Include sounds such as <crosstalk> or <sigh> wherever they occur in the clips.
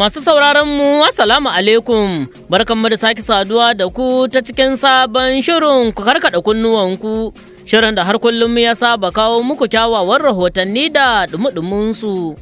Masu sauraron mu Assalamu alaikum barkanmu da sake saduwa da ku ta cikin sabon shirin ku karkada kunnuwanku shirin da har kullum ya saba kawo muku kyawawan rahotanni da dumudumin su.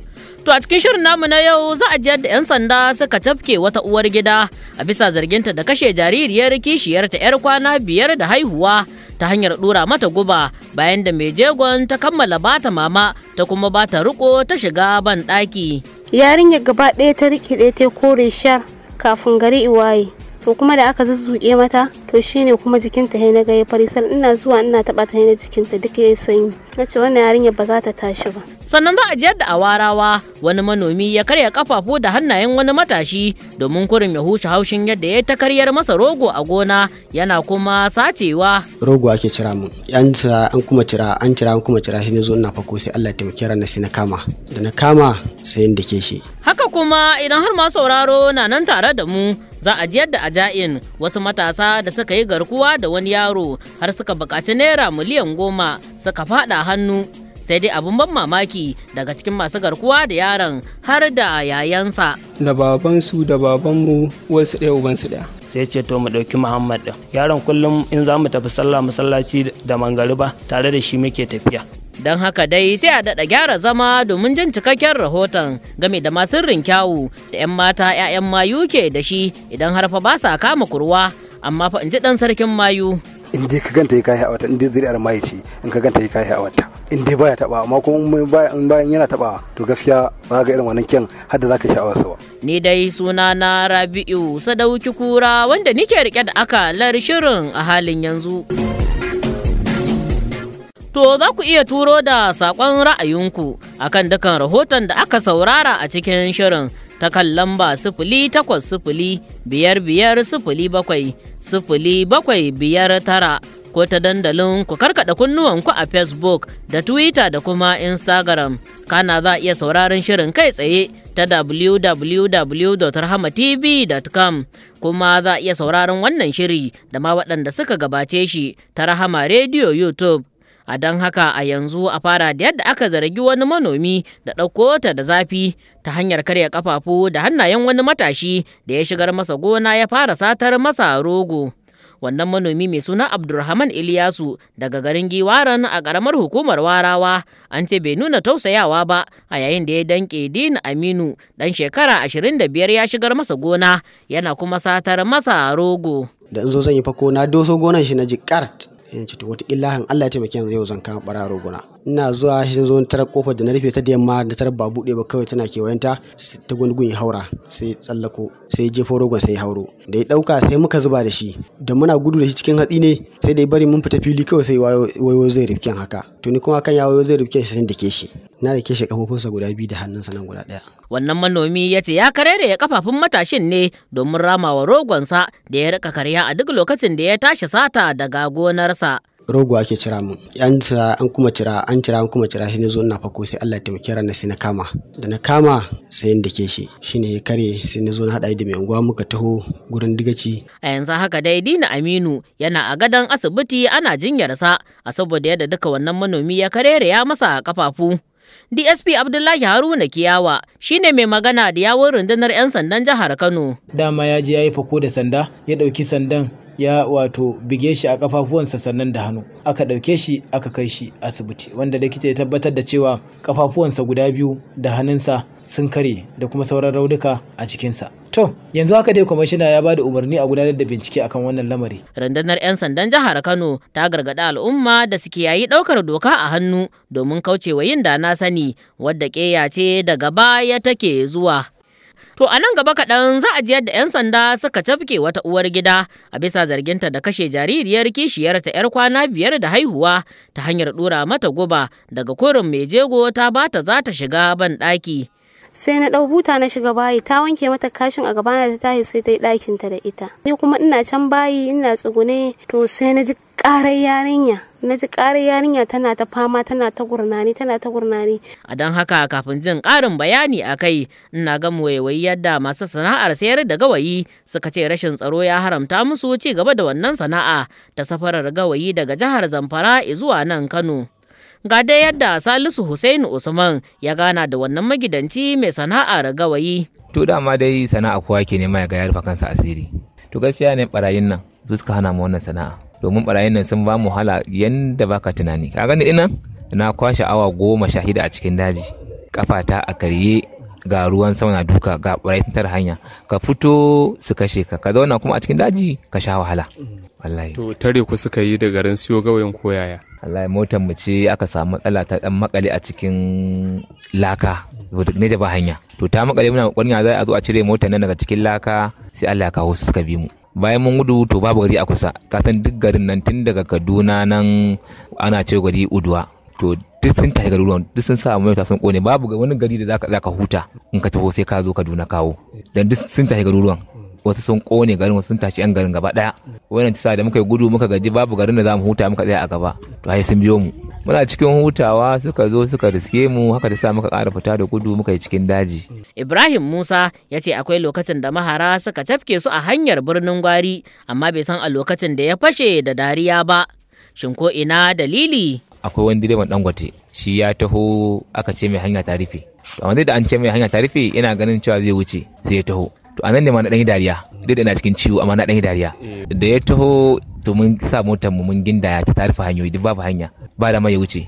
To a cikin shirin namu na yau za a ji yadda 'yan sanda suka cafke wata uwar gida a bisa zarginta da kashe jaririyar kishiyar ta 'yar kwana biyar da haihuwa ta hanyar dura mata guba bayan da mai jegon ta kammala bata mama ta kuma bata riko ta shiga ban ɗaki. yarinyar gaba ɗaya ta rikide ta kore shar kafin gari iwaye to kuma da aka zuzzuke mata to shine kuma jikinta ya na gaya sal ina zuwa ina taba ta na jikinta duk ya sanyi na wannan yarinya ba za ta tashi ba sannan za a jiyar da awarawa wani manomi ya karya kafafu da hannayen wani matashi domin kurin ya hushe haushin yadda ya ta karyar masa rogo a gona yana kuma sacewa rogo ake cira mu an cira an kuma cira an cira an kuma cira shi ne zo ina fako sai Allah ya taimake ran sai na kama da na kama sai inda ke shi haka kuma idan har ma sauraro na nan tare da mu za a jiyar da aja'in wasu matasa da suka yi garkuwa da wani yaro har suka bukaci naira miliyan goma suka fada hannu sai dai abin ban mamaki daga cikin masu garkuwa da yaron har da yayansa. Da babansu da babanmu wasu ɗaya ubansu ɗaya. sai ce to mu ɗauki muhammad ɗin yaron kullum in za mu tafi sallah masallaci da mangariba tare da shi muke tafiya Don haka dai sai a daɗa gyara zama domin jin cikakken rahoton game da masu rinkyawu da 'yan mata 'ya'yan mayu ke da shi idan harfa ba sa kama kurwa amma fa in ji ɗan sarkin mayu. In dai ka ganta ya kayi a wata in dai zuri'ar mayu ce in ka ganta ya kayi a wata. in dai baya taba amma kuma in bayan yana taba to gaskiya ba ga irin wannan kyan hadda zaka sha'awar sa ba ni dai suna na Rabi'u Sadauki Kura wanda nike rike da aka lar shirin a halin yanzu To za ku iya turo da saƙon ra'ayinku a kan dukan rahoton da aka saurara a cikin shirin ta kan lamba sifili takwas sifili biyar biyar sifili bakwai sifili bakwai biyar tara ko ta dandalin ku karkada kunnuwanku a facebook da twitter da kuma instagram kana za iya sauraron shirin kai tsaye ta www.rahamatv.com kuma za iya sauraron wannan shiri da ma waɗanda suka gabace shi ta rahama radio youtube a don haka a yanzu a fara da yadda aka zargi wani manomi da ɗauko ta da zafi ta hanyar karya kafafu da hannayen wani matashi da ya shigar masa gona ya fara satar masa rogo wannan manomi mai suna abdulrahman iliyasu daga garin giwaran a ƙaramar hukumar warawa an ce bai nuna tausayawa ba a yayin da ya danƙe din aminu dan shekara ashirin da biyar ya shigar masa gona yana kuma satar masa rogo da in zo zan yi fako na doso gonan shi na jikart in ci to wataƙila Allah ya taimake yanzu yau zan kama ɓara roguna ina zuwa sai zo tarar kofar da na rufe ta da yamma da tarar ba buɗe ba kawai tana kewayenta ta gungun ya haura sai tsallako sai ya jefo rogon sai ya hauro da ya dauka sai muka zuba da shi da muna gudu da shi cikin hatsi ne sai da ya bari mun fita fili kawai sai wayo zai rifken haka to kuma kan ya wayo zai rifken sai da ke shi na da ke shi kafofinsa guda biyu da hannunsa nan guda ɗaya. wannan manomi ya ce ya karere ya kafafun matashin ne domin ramawa rogonsa da ya rika karya a duk lokacin da ya tashi sata daga gonarsa. rogo ake cira min an cira an kuma cira an cira an kuma cira shi ne zo ina fako sai Allah ya taimake ranar sai na kama da na kama sai inda ke shi shine ya kare sai na zo na hada da mai unguwa muka taho gurin digaci a yanzu haka dai Dina Aminu yana a gadon asibiti ana jinyarsa a saboda yadda duka wannan manomi ya karere ya masa kafafu DSP Abdullahi Haruna Kiyawa shine mai magana da yawon rundunar 'yan sandan jihar Kano. Dama ya je ya yi fako da sanda, ya ɗauki sandan ya wato bige shi a kafafuwansa sannan da hannu aka ɗauke shi aka kai shi asibiti wanda likita ya tabbatar da cewa kafafuwansa guda biyu da hannunsa sun kare da kuma sauran raunuka a cikinsa To, yanzu haka dai kwamishina ya ba da umarni a gudanar da bincike akan wannan lamari. Rundunar 'yan sandan jihar Kano ta gargaɗi al'umma da suke yayi ɗaukar doka a hannu domin kaucewa yin da na sani wadda ƙeya ce daga baya take zuwa. To a nan gaba kaɗan za a ji da 'yan sanda suka tafke wata uwar gida a bisa zarginta da kashe jaririyar kishiyarta 'yar kwana biyar da haihuwa ta hanyar ɗora mata guba daga korin mai jego ta bata za ta shiga ban ɗaki. sai na ɗau buta na shiga bayi ta wanke mata kashin a gabana ta tahi sai ta yi ɗakinta da ita ni kuma ina can bayi ina tsugune to sai na ji ƙarar yarinya na ji ƙarar yarinya tana ta fama tana ta gurnani tana ta gurnani a don haka kafin jin ƙarin bayani a kai ina ga waiwayi yadda masu sana'ar sayar da gawayi suka ce rashin tsaro ya haramta musu ci gaba da wannan sana'a ta safarar gawayi daga jihar zamfara zuwa nan kano ga dai yadda salisu Hussaini usman ya gana da wannan magidanci mai sana'ar gawayi to dama dai sana'a kowa ke nema ya ga ya rufa kansa asiri to gaskiya ne barayin nan su suka hana mu wannan sana'a domin barayin nan sun ba mu hala yanda baka tunani ka gani ina na kwashe awa goma sha hida a cikin daji kafata a karye ga ruwan sama na duka ga barayi sun tara hanya ka fito su kashe ka ka zauna kuma a cikin daji ka sha wahala wallahi to tare ku suka yi da garin siyo gawayin koyaya wallahi motar mu ce aka samu matsala ta dan makale a cikin laka ne ba hanya to ta makale muna kwanya za a zo a cire motar nan daga cikin laka sai Allah ya kawo su suka bi mu bayan mun gudu to babu gari a kusa san duk garin nan tun daga kaduna nan ana ce gari uduwa to duk sun tafi garuruwan duk sun sa mai sun kone babu wani gari da za ka huta in ka taho sai ka zo kaduna kawo dan duk sun tafi garuruwan wasu sun kone garin wasu sun tashi yan garin gaba daya wannan tisa da muka yi gudu muka gaji babu garin da za zamu huta muka tsaya a gaba to ai sun biyo mu muna cikin hutawa suka zo suka riske mu haka ta sa muka ƙara fita da gudu muka yi cikin daji ibrahim musa ya ce akwai lokacin da mahara suka tafke su a hanyar birnin gwari amma bai san a lokacin da ya fashe da dariya ba shin ko ina dalili akwai wani direban dangote shi ya taho aka ce mai hanya ta rufe to amma da an ce mai hanya ta rufe ina ganin cewa zai wuce sai ya taho to anan ne ma na dan dariya duk da ina cikin ciwo amma na dan dariya eh. da ya taho to mun sa motar mu mun gindaya ta tarife hanyoyi duk babu hanya ba da mai wuce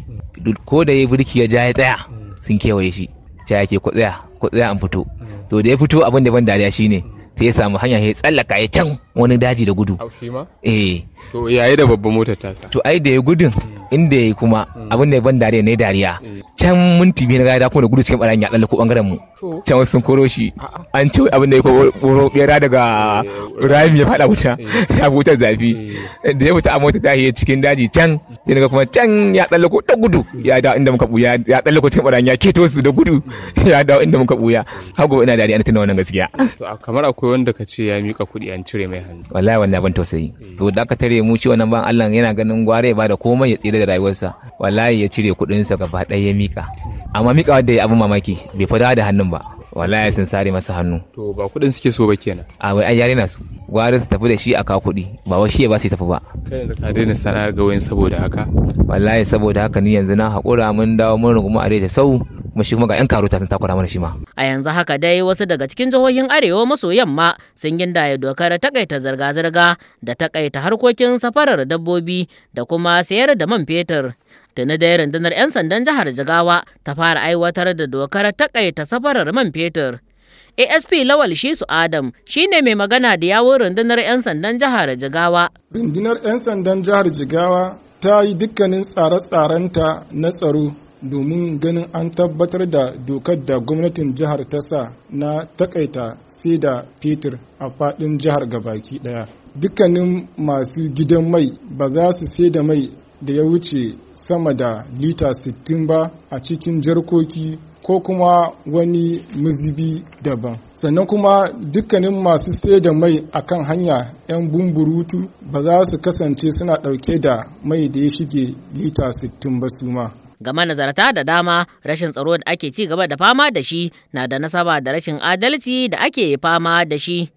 ko da ya birki ya ja ya tsaya mm. sun kewaye shi ta yake ku tsaya ku tsaya an fito mm. to da ya fito abin da ban dariya shine mm. sai ya samu hanya ya tsallaka ya can wani daji da gudu eh to yayi da babban motar sa. to ai da ya gudun inda yayi kuma mm. abin da ya ban dariya ne dariya mm. can minti biyu na da kuma da gudu cikin barayin ya dalle ko bangaren mu can wasu sun koro shi an ci abin da ya koro bera daga eh, rami ya fada wuta eh. <laughs> ya wutar zafi eh. da ya fita a mota ta yi cikin daji can ya naga kuma can ya dalle ko da gudu mm. ya dawo inda muka buya ya dalle ko cikin barayin ya keto su da gudu ya dawo inda muka buya har gobe ina dariya na tuna wannan gaskiya kamar akwai wanda ka ce ya mika kuɗi an cire mai hannu wallahi wannan ban tausayi to da aka cire mu ci wannan ban Allah yana ganin gware ba da komai ya tsira da rayuwarsa wallahi ya cire sa gaba ɗaya ya mika amma mika wanda ya abu mamaki bai fada da hannun ba wallahi sun sare masa hannu to ba kuɗin suke so ba kenan a wai ai yare na su gware su tafi da shi a ka kuɗi ba wa shi ba sai tafi ba kai da ka daina sana'ar gawayin saboda haka wallahi saboda haka ni yanzu na haƙura mun dawo mun rungumu a da sau kuma shi kuma ga 'yan karuta sun takura mana shi ma. A yanzu haka dai wasu daga cikin jihohin Arewa maso yamma sun gindaya dokar takaita zirga-zirga da takaita harkokin safarar dabbobi da kuma sayar da man fetur. Tuni dai rundunar 'yan sandan jihar Jigawa ta fara aiwatar da dokar takaita safarar man fetur. ASP Lawal Shisu Adam shi ne mai magana da yawon rundunar 'yan sandan jihar Jigawa. Rundunar 'yan sandan jihar Jigawa ta yi dukkanin tsare-tsarenta na tsaro domin ganin an tabbatar da dokar da gwamnatin jihar ta sa na takaita sai da fetur a fadin jihar ga baki daya dukkanin masu gidan mai ba za su sai da mai da ya wuce sama da lita 60 ba a cikin jarkoki ko kuma wani muzibi daban sannan kuma dukkanin masu sai da mai a kan hanya 'yan bumburutu ba za su kasance suna ɗauke da mai da ya shige lita 60 ba su ma ga manazarta da dama rashin tsaro da ake ci gaba da fama da shi na da nasaba da rashin adalci da ake fama da shi.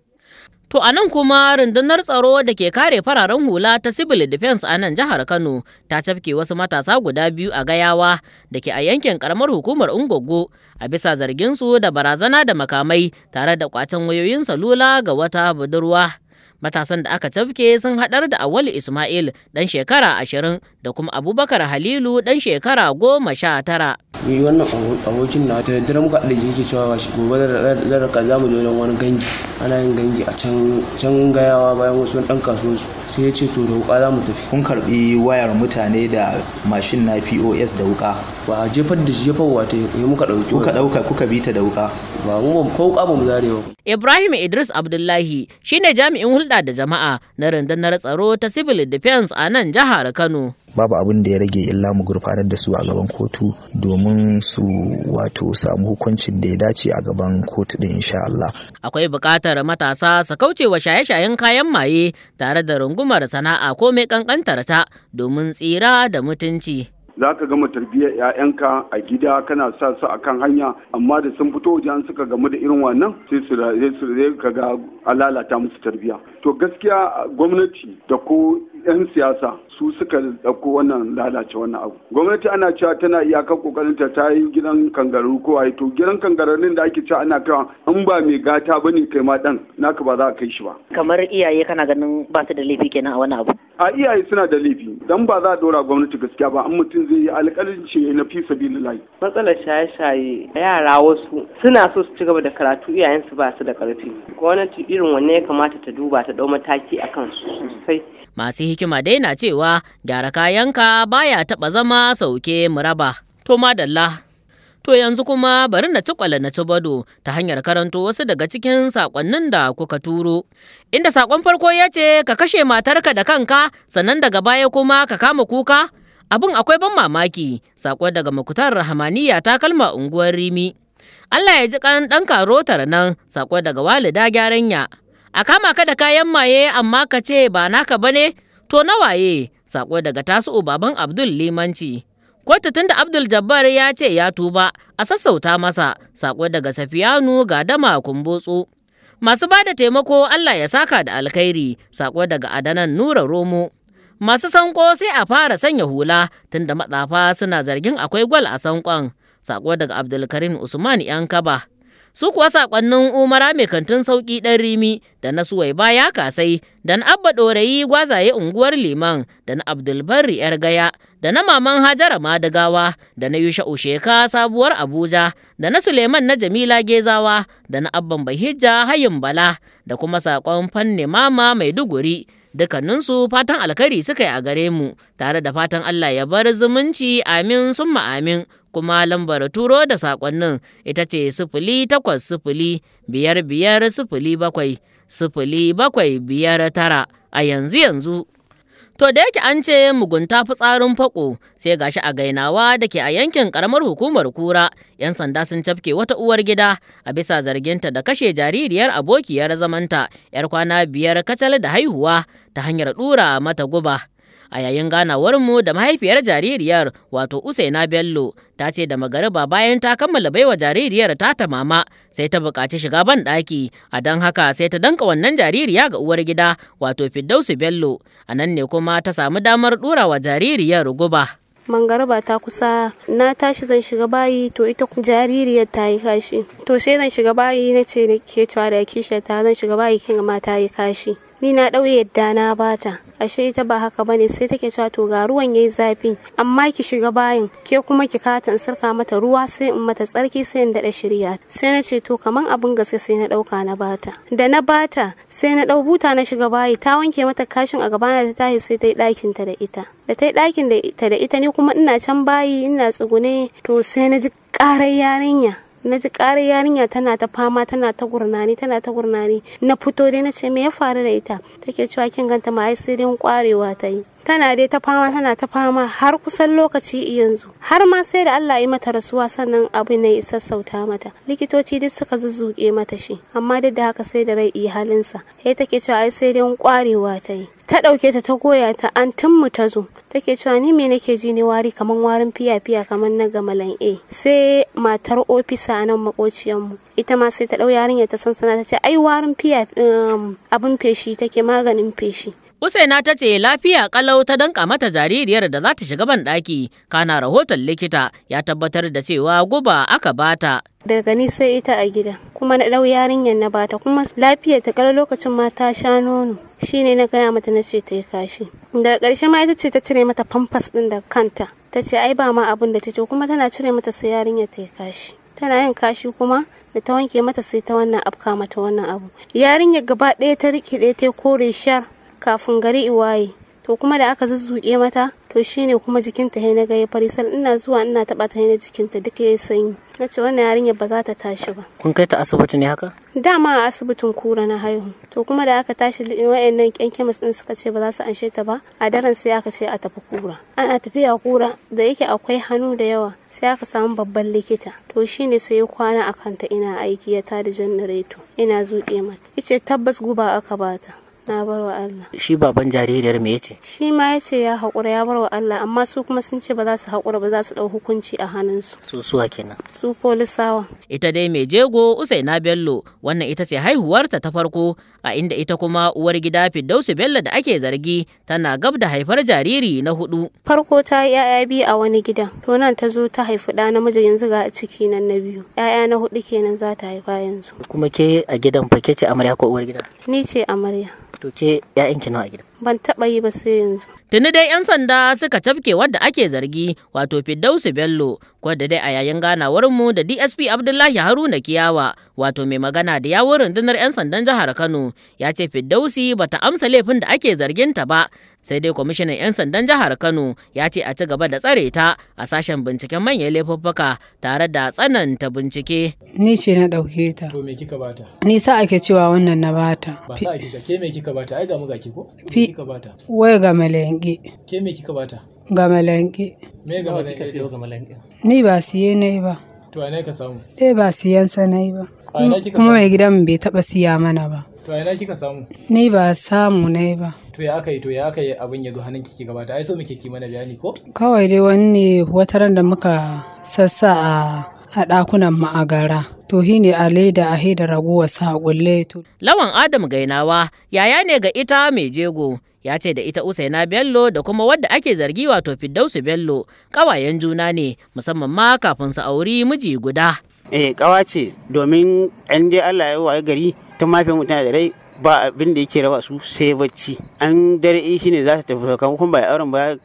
To a nan kuma rundunar tsaro da ke kare fararen hula ta civil defense a nan jihar Kano ta cafke wasu matasa guda biyu a gayawa da ke a yankin karamar hukumar Ungogo a bisa zarginsu da barazana da makamai tare da kwacen wayoyin salula ga wata budurwa. Matasan da aka cafke sun haɗar da Awali Ismail ɗan shekara ashirin da kuma abubakar halilu dan shekara goma sha tara. ni wannan abokin na da daddare muka da yake cewa ba shi gobe zan raka za mu je wajen wani gangi ana yin gangi a can gayawa bayan wasu dan su sai ya ce to da wuka za mu tafi. kun karbi wayar mutane da mashin na pos da wuka. ba jefar da shi jefarwa ta yi muka ɗauki kuka ɗauka kuka bi ta da wuka. ba mu ko ba mu zare ba. Ibrahim Idris Abdullahi shine jami'in hulɗa da jama'a na rundunar tsaro ta Civil Defense a nan jihar Kano. babu abin da ya rage illa mu gurfanar da su a gaban kotu domin su wato samu hukuncin da ya dace a gaban kotu din insha Allah. Akwai buƙatar matasa su wa shaye-shayen kayan maye tare da rungumar sana'a ko mai kankantar ta domin tsira da mutunci. za ka gama tarbiyyar 'ya'yanka a gida kana sa su a hanya amma da sun fito wajen suka gamu da irin wannan sai su ka ga a lalata musu tarbiya to gaskiya gwamnati da ko 'yan siyasa su suka dauko wannan lalace wannan abu gwamnati ana cewa tana iya iyakar kokarin ta ta yi gidan kangararru ko ai to gidan kangararrun da ake cewa ana kawa in ba mai gata bane kai ma dan naka ba za ka kai shi ba kamar iyaye kana ganin ba su da laifi kenan a wani abu a iyaye suna da laifi dan ba za a dora gwamnati gaskiya ba an mutum zai yi alƙalanci na fi sabilillahi matsalar shaye-shaye yara wasu suna so su ci gaba da karatu iyayensu ba su da karfi gwamnati irin wanne ya kamata ta duba ta ɗau mataki a kan sosai. Masu hikima dai na cewa gyara kayanka baya taɓa zama sauke muraba. To madalla. To yanzu kuma bari na ci kwale na ci bado ta hanyar karanto wasu daga cikin sakonnin da kuka turo. Inda sakon farko ya ce ka kashe matarka da kanka sannan daga baya kuma ka kama kuka abin akwai ban mamaki sakon daga makutar rahamaniya ta kalma unguwar rimi Allah ya ji kan ɗan karotar nan sako daga walida gyaran ya. A kama ka da kayan maye amma ka ce ba naka ba ne to na waye sako daga tasu baban Abdul Limanci. Kotu tun da Abdul Jabbar ya ce ya tuba a sassauta masa sako daga Safiyanu ga dama kumbotsu. Masu ba da taimako Allah ya saka da alkhairi sako daga Adanan Nura Romo. Masu sanko sai a fara sanya hula tunda matsafa suna zargin akwai gwal a sankon. Sako daga Abdulkarim Usman Yankaba. Su kuwa saƙonnin Umara mai kantin Sauƙi ɗan Rimi da na Suwaiba ya kasai da na Abba Ɗorayi gwazaye unguwar Liman da na Abdulbarri ‘yar gaya da na Maman Hajara Madagawa da na Yusha Usheka sabuwar Abuja da na Suleiman na Jamila Gezawa da na Abban Bahijja Hayin Bala da kuma saƙon fanne Mama Maiduguri. dukkaninsu fatan alkhari suka yi a gare mu tare da fatan Allah ya bar zumunci amin summa amin kuma lambar turo da saƙonnin ita ce sifili takwas sufuli biyar biyar sufuli bakwai sufuli bakwai biyar tara a yanzu yanzu. To da yake an ce mugunta fi tsarin fako sai gashi a gainawa da ke a yankin ƙaramar hukumar kura 'yan sanda sun cafke wata uwar gida a bisa zarginta da kashe jaririyar abokiyar zamanta 'yar kwana biyar kacal da haihuwa ta hanyar ɗura mata guba. a yayin ganawar mu da mahaifiyar jaririyar wato usaina bello ta ce da magariba bayan ta kammala baiwa jaririyar ta ta mama sai ta buƙaci shiga ban ɗaki a don haka sai ta danka wannan jaririya ga uwar gida wato fiddausu bello a nan ne kuma ta samu damar ɗora wa jaririyar guba. mangaraba ta kusa na tashi zan shiga bayi to ita jaririyar ta yi kashi to sai zan shiga bayi na ce ke cewa da kishiya ta zan shiga bayi kin ma ta yi kashi ni na ɗau yadda na bata ashe ita ba haka bane sai take cewa to ga ruwan yayi zafi amma ki shiga bayin ke kuma ki kata in sirka mata ruwa sai in mata tsarki sai in dada shirya sai na ce to kaman abin gaske sai na ɗauka na bata da na bata sai na ɗau buta na shiga bayi ta wanke mata kashin a gabana ta tashi sai ta yi ɗakin ta da ita da ta yi ɗakin da ita da ita ne kuma ina can bayi ina tsugune to sai na ji ƙarar yarinya na ji ƙarar yarinya tana ta fama tana ta gurnani tana ta gurnani na fito dai na ce me ya faru da ita take cewa kin ganta ma ai sai kwarewa ta yi tana dai ta fama tana ta fama har kusan lokaci yanzu har ma sai da Allah ya mata rasuwa sannan abu ne isa sauta mata likitoci duk suka zuzzuke mata shi amma duk da haka sai da rai iya halinsa sai take cewa ai sai dai kwarewa ta yi ta ɗauke ta ta goya ta an mu ta zo take cewa ni me nake ji ne wari kamar warin fiya fiya kamar na gamalan a sai matar ofisa nan makociyanmu ita ma sai ta ɗau yarinya ta sansana ta ce ai warin fiya um, abin feshi take maganin feshi husaina ta ce lafiya kalau ta danka mata jaririyar da za ta shiga ban ɗaki. Kana rahoton likita ya tabbatar da cewa guba aka bata. Daga ni sai ita a gida kuma na ɗau yarinyar na bata kuma lafiya ta kalau lokacin ma ta sha nono. Shi na gaya mata na ce ta yi kashi. Daga karshe ma ita ce ta cire mata famfas ɗin da kanta. Ta ce ai ba ma abin da ta ce kuma tana cire mata sai yarinyar ta yi kashi. Tana yin kashi kuma da ta wanke mata sai ta wannan afka mata wannan abu. Yarinyar gaba ɗaya ta rikiɗe ta kore shar kafin gari iwaye to kuma da aka zuzzuke mata to shine kuma jikinta ya na gaya fari. Sal ina zuwa ina taba ta na jikinta duk yayi sanyi na ce wannan yarinya ba za ta tashi ba kun kai ta asibiti ne haka dama a asibitin kura na haihu to kuma da aka tashi wayannan kyan kemis din suka ce ba za su anshe ta ba a daren sai aka ce a tafi kura ana tafiya kura da yake akwai hannu da yawa sai aka samu babban likita to shine sai ya kwana a kanta ina aiki ya tada janareto ina zuƙe mata ita tabbas guba aka bata na bar wa Allah shi baban jaririyar me yace shi ma yace ya haƙura ya bar wa Allah amma su kuma sun ce ba za su haƙura ba za su ɗau hukunci a hannunsu su suwa kenan su polisawa ita dai mai jego Usaina Bello wannan ita ce haihuwarta ta farko a inda ita kuma uwar gida Fidausu Bello da ake zargi tana gab da haifar jariri na hudu farko ta yi ya'ya biyu a wani gidan to nan ta zo ta haifi ɗa namiji yanzu ga ciki nan na biyu yaya na hudu kenan za ta haifa yanzu kuma ke a gidan fa ke ce amarya ko uwar gida ni ce amarya to 'ya'yanki nawa a gida ban taba yi ba sai yanzu. Tuni dai 'yan sanda suka cafke wadda ake zargi wato Fiddausu Bello wadda dai a yayin ganawarmu da DSP Abdullahi Haruna Kiyawa wato mai magana da yawon rundunar 'yan sandan jihar Kano ya ce Fiddausi bata amsa laifin da ake zarginta ba sai dai kwamishinan 'yan sandan jihar Kano ya ce a ci gaba da tsare ta a sashen binciken manyan laifuffuka tare da tsananta bincike. Ni ce na ɗauke ta. To me kika bata? Ni sa ake cewa wannan na bata. Ba sa ake ke me kika bata ai ga mu ga ko? kika bata? Wai ga malengi. Ke me kika bata? Ga malengi. Me ga malengi siyo ga Ni ba siye ne ba. To ina ka samu? Dai ba siyan sa ne ba. Kuma mai gidan bai taba siya mana ba. To ina kika samu? Ni ba samu ne ba. To ya aka yi to ya aka yi abin ya zo hannun kike gabata ai so muke ki mana bayani ko? Kawai dai wani ne wataran da muka sassa a a ɗakunan ma'agara to ne a leda a raguwa sa kulle to lawan adam gainawa yaya ne ga ita mai jego ya ce da ita usaina bello da kuma wadda ake zargi wato fiddausu bello kawayen juna ne musamman ma kafin su auri miji guda eh kawa ce domin an je allah ya waye gari ta mafi mutane da rai ba abin da yake raba su sai bacci an dare eh, shi ne za ta tafi kuma ba auren ba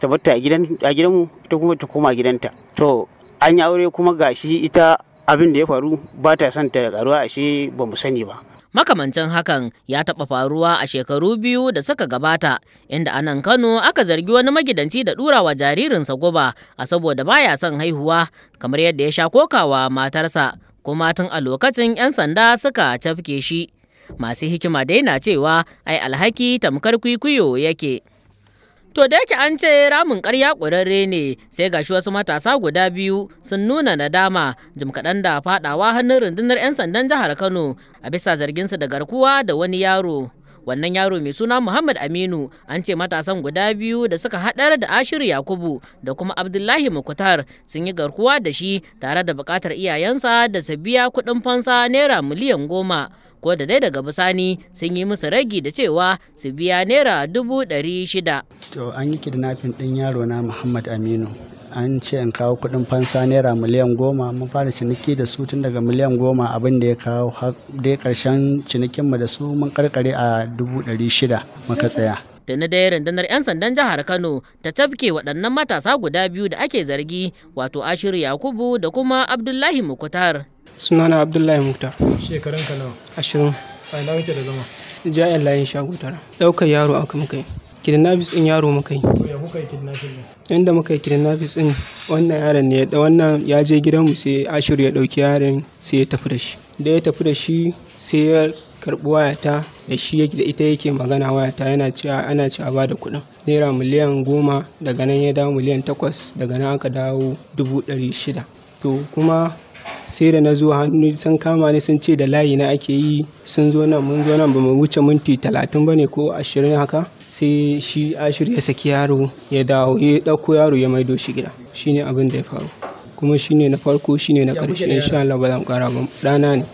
ta bata a gidan a gidanmu ta kuma ta koma gidanta to an yi aure kuma gashi ita abin da ya faru ba ta son ta karuwa ashe ba mu sani ba makamancin hakan ya taɓa faruwa a shekaru biyu da suka gabata inda a nan kano aka zargi wani magidanci da ɗura wa jaririnsa guba a saboda baya son haihuwa kamar yadda ya sha kokawa matarsa kuma tun a lokacin 'yan sanda suka cafke shi masu hikima dai na cewa ai alhaki tamkar kwikwiyo yake To da yake an ce ramin ƙarya ƙurarre ne sai gashi wasu matasa guda biyu sun nuna nadama jim kaɗan da faɗawa hannun rundunar 'yan sandan jihar Kano a bisa zarginsu da garkuwa da wani yaro. Wannan yaro mai suna Muhammad Aminu an ce matasan guda biyu da suka haɗar da Ashiru Yakubu da kuma Abdullahi Mukutar sun yi garkuwa da shi tare da buƙatar iyayensa da su biya kuɗin fansa naira miliyan goma. ko da dai daga bisani sun yi musu ragi da cewa su biya naira dubu ɗari shida. To an yi kidnapping ɗin yaro na Muhammad Aminu. an ce in kawo kuɗin fansa naira miliyan goma mun fara ciniki da su tun daga miliyan goma abin da ya kawo dai karshen cinikinmu da su mun karkare a dubu ɗari shida muka tsaya da na daya rundunar 'yan sandan jihar kano ta tafke waɗannan matasa guda biyu da ake zargi wato ashiru yakubu da kuma abdullahi mukutar sunana abdullahi muktar shekarun ka nawa ashirin a ina kake da zama ja'in layin shago tara daukar yaro aka muka yi kidnappings din yaro muka yi ya kuka yi inda muka yi kidnappings din wannan yaron ne da wannan ya je gidanmu sai ashiru ya dauki yaron sai ya tafi da shi da ya tafi da shi sai ya karbi wayata da shi da ita yake magana wayata yana cewa ana ci a bada kuɗin naira miliyan goma daga nan ya dawo miliyan takwas daga nan aka dawo dubu ɗari shida to kuma sai da na zo hannu sun kama ni sun ce da layi na ake yi sun zo nan mun zo nan ba mu wuce minti talatin ba ne ko ashirin haka sai shi ashirin ya saki yaro ya dawo ya ɗauko yaro ya maido shi gida shine abin da ya faru kuma shine na farko shine na ƙarshe insha Allah ba zan ƙara ba ɗana ne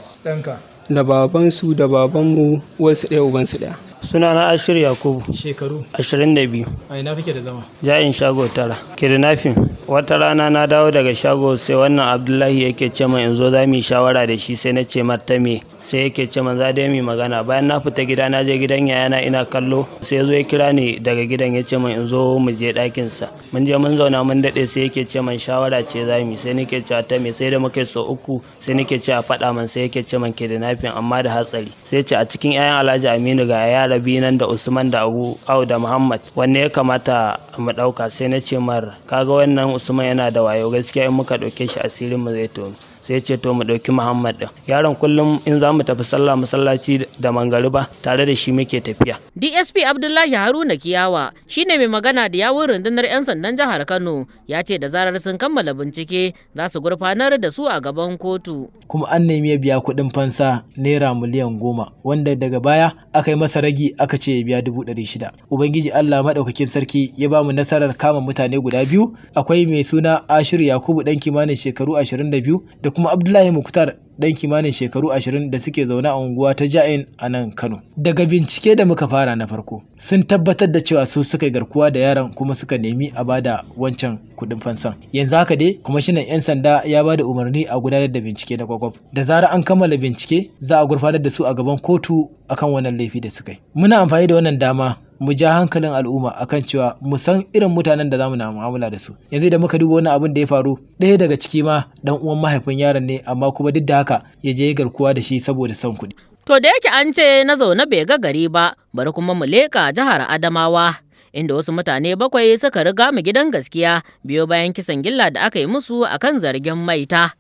da babansu da babanmu wasu ɗaya ubansu ɗaya suna na ashir yakubu shekaru 22 a ina kake da zama ja'in shago tara kidnapping wata rana na dawo daga shago sai wannan abdullahi yake ce min in zo za mu shawara da shi sai na ce mata me sai yake ce min za dai mu magana bayan na fita gida na je gidan yayana ina kallo sai yazo ya kira ni daga gidan ya ce min in zo mu je ɗakinsa mun je mun zauna mun daɗe sai yake ce man shawara ce za mu sai nake cewa ta me sai da muke so uku sai nake cewa faɗa man sai yake ce man ke da nafin amma da hatsari sai ce a cikin 'ya'yan alhaji aminu ga ya rabi nan da usman da abu Aw da muhammad wanne ya kamata mu ɗauka sai na ce mar kaga wannan usman yana da wayo gaskiya in muka ɗauke shi asirin mu zai tono sai ce to mu ɗauki muhammad ɗin yaron kullum in za mu tafi sallah masallaci da mangariba tare da shi muke tafiya dsp abdullahi haruna kiyawa shine mai magana da yawun rundunar 'yan sandan jihar kano ya ce da zarar sun kammala bincike za su gurfanar da su a gaban kotu kuma an nemi ya biya kuɗin fansa naira miliyan goma wanda daga baya aka yi masa ragi aka ce ya biya dubu ɗari shida ubangiji allah maɗaukakin sarki ya bamu nasarar kama mutane guda biyu akwai mai suna ashiru yakubu ɗan kimanin shekaru ashirin da biyu da kuma Abdullahi Muktar ɗan kimanin shekaru ashirin da suke zaune a unguwa ta Ja'in a nan Kano. Daga bincike da muka fara na farko, sun tabbatar da cewa su suka garkuwa da yaran kuma suka nemi a bada wancan kuɗin fansan. Yanzu haka dai, kwamishinan 'yan sanda ya ba da umarni a gudanar da bincike na kwakwaf. Da zarar an kammala bincike, za a gurfanar da su a gaban kotu akan wannan laifi da suka yi. Muna amfani da wannan dama mu ja hankalin al'umma akan cewa mu san irin mutanen da zamu na mu'amala da su yanzu da muka duba wani abin da ya faru ɗaya daga ciki ma dan uwan mahaifin yaron ne amma kuma duk da haka ya je garkuwa da shi saboda son kuɗi to da yake an ce na zaune bai ga gari ba bari kuma mu leƙa jihar Adamawa inda wasu mutane bakwai suka riga mu gidan gaskiya biyo bayan kisan gilla da aka yi musu akan zargin maita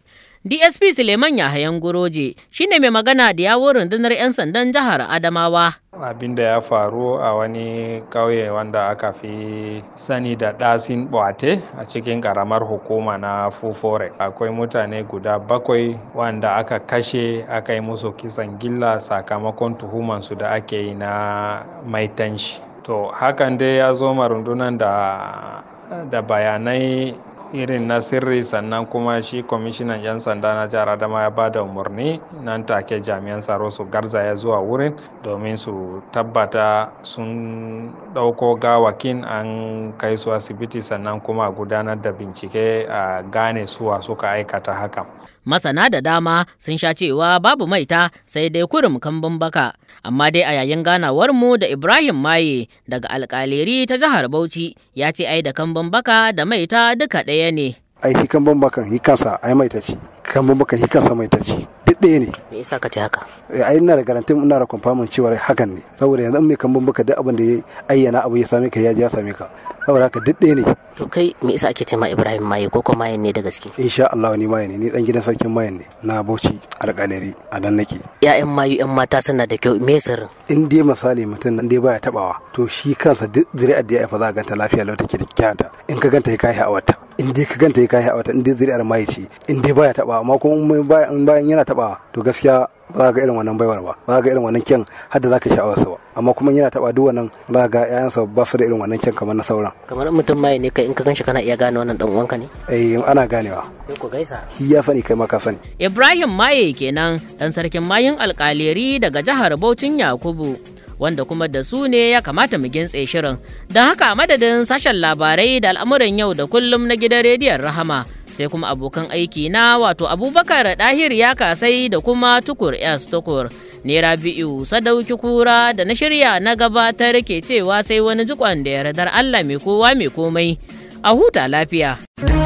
DSP Suleiman Yahayan Guroje shine mai magana da yawon rundunar 'yan sandan jihar Adamawa. Abin da ya faru a wani ƙauye wanda aka fi sani da ɗasin ɓwate a cikin ƙaramar hukuma na Fufore. Akwai mutane guda bakwai wanda aka kashe aka yi musu kisan gilla sakamakon tuhumansu da ake yi na maitanshi. To hakan dai ya zo marundunan da, da bayanai irin na sirri sannan kuma shi kwamishinan 'yan sanda na jihar adama ya ba da umarni nan take jami'an tsaro su garzaya zuwa wurin domin su tabbata sun ɗauko gawakin an kai su asibiti sannan kuma gudanar da bincike a gane suwa suka aikata hakan masana da dama sun sha cewa babu maita sai dai kurum kambun baka amma dai a yayin ganawar mu da ibrahim maye daga alkaleri ta jihar bauchi ya ce ai da kambun baka da maita duka ɗaya ne ai shi kambun bakan yi kansa ai maita ce kambun bakan yi kansa maita ce duk ɗaya ne me yasa ka ce haka eh, ai ina da garantin ina da kwamfamin cewa hakan ne saboda yanzu mai kambun baka duk abin da ya ayyana abu ya same ka ya ji ya same ka saboda haka duk ɗaya ne to kai me yasa ake ce ma Ibrahim Maye ko kuma Maye ne da gaske insha Allah ni Maye ne ni dan gidan sarkin Maye ne na Bauchi alƙaleri a nan nake ƴaƴan mayu ƴan mata suna da kyau me sirrin in dai misali mutum nan dai baya tabawa to shi kansa duk zuri'ar da ya fa za ganta lafiya lau take da kyanta in ka ganta ya kai a wata in dai ka ganta ya kai a wata in dai zuri'ar Maye ce in dai baya tabawa amma kuma in bayan yana tabawa to gaskiya ba za ga irin wannan baiwar ba ba za ga irin wannan kyan hadda za ka sa ba amma kuma yana taba duk wannan za ga 'ya'yansa ba su da irin wannan kyan kamar na sauran kamar mutum mai ne kai in ka ganshi kana iya gane wannan dan uwanka ne eh ana ganewa ko ku gaisa shi ya fani kai ma ka fani Ibrahim Maye kenan dan sarkin mayin alƙaleri daga jihar Bauchin Yakubu wanda kuma da su ne ya kamata mu gintse shirin. Don haka madadin sashen labarai da al'amuran yau da kullum na gidan rediyon Rahama sai kuma abokan aiki na wato abubakar Dahir, ya kasai da kuma tukur s tukur ne rabi'u sadauki kura da na shirya na gabatar ke cewa sai wani jikon da radar allah mai kowa mai komai a huta lafiya.